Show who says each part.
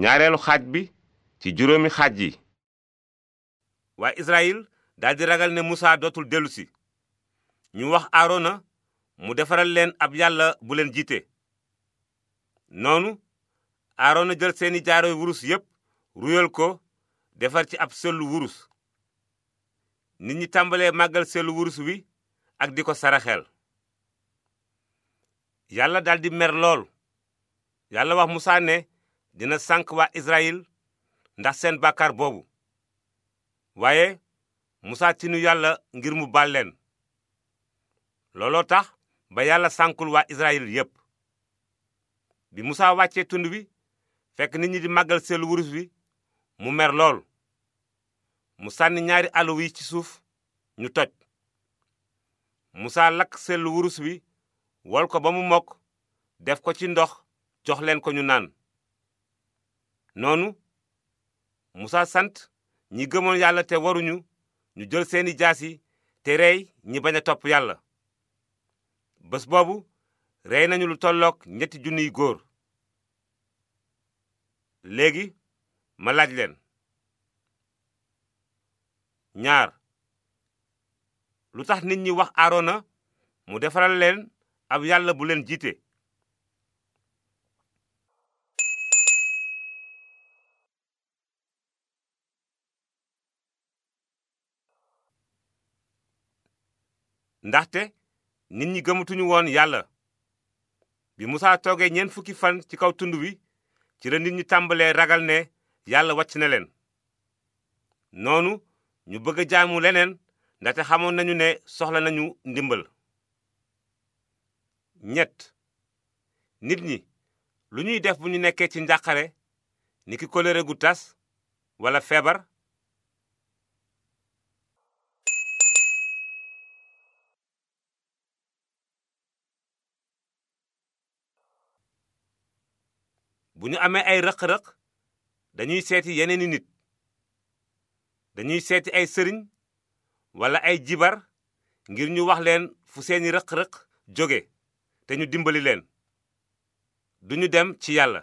Speaker 1: ñaareelu xaaj bi ci juróomi xaaj yi waa Israyil daldi ragal ne Musaa dootul dellusi ñu wax Aarona mu defaral leen ab yàlla bu leen jiite noonu Aarona jël seeni jaaroy wurus yépp ruyal ko defar ci ab sellu wurus nit ñi tàmbalee màggal sellu wurus wi ak di ko saraxel yàlla daldi mer lool yàlla wax Musaa ne dina sànq waa Israyil ndax seen bàkkaar boobu waaye musa tinu yàlla ngir mu baal leen looloo tax ba yàlla sànkul waa Israyil yépp bi musaa wàccee tund wi fekk nit ñi di màggal seelu wurus wi mu mer lool mu sànni ñaari àlluwa wi ci suuf ñu toj musaa lakk seelu wurus wi wol ko ba mu mokk def ko ci ndox jox leen ko ñu naan noonu musa sant ñi gëmoon yàlla te waruñu ñu jël seeni jaasi te rey ñi bañ a topp yàlla bés boobu rey nañu lu tollook ñetti junniy góor léegi ma laaj leen ñaar lu tax nit ñi wax aarona mu defaral leen ab yàlla bu leen jiite ndaxte nit ñi gëmatuñu woon yàlla bi musaa toogee ñeent fukki fan ci kaw tund wi ci la nit ñi tàmbalee ragal ne yàlla wàcc na leen noonu ñu bëgg a jaamu leneen ndaxte xamoon nañu ne soxla nañu ndimbal ñett nit ñi lu ñuy def bu ñu nekkee ci njàqare ni ki gu tas wala feebar bu ñu amee ay rëq-rëq dañuy seeti yeneen yeneeni nit dañuy seeti ay sëriñ walla ay jibar ngir ñu wax leen fu seeni rëq-rëq jóge te ñu dimbali leen duñu dem ci yàlla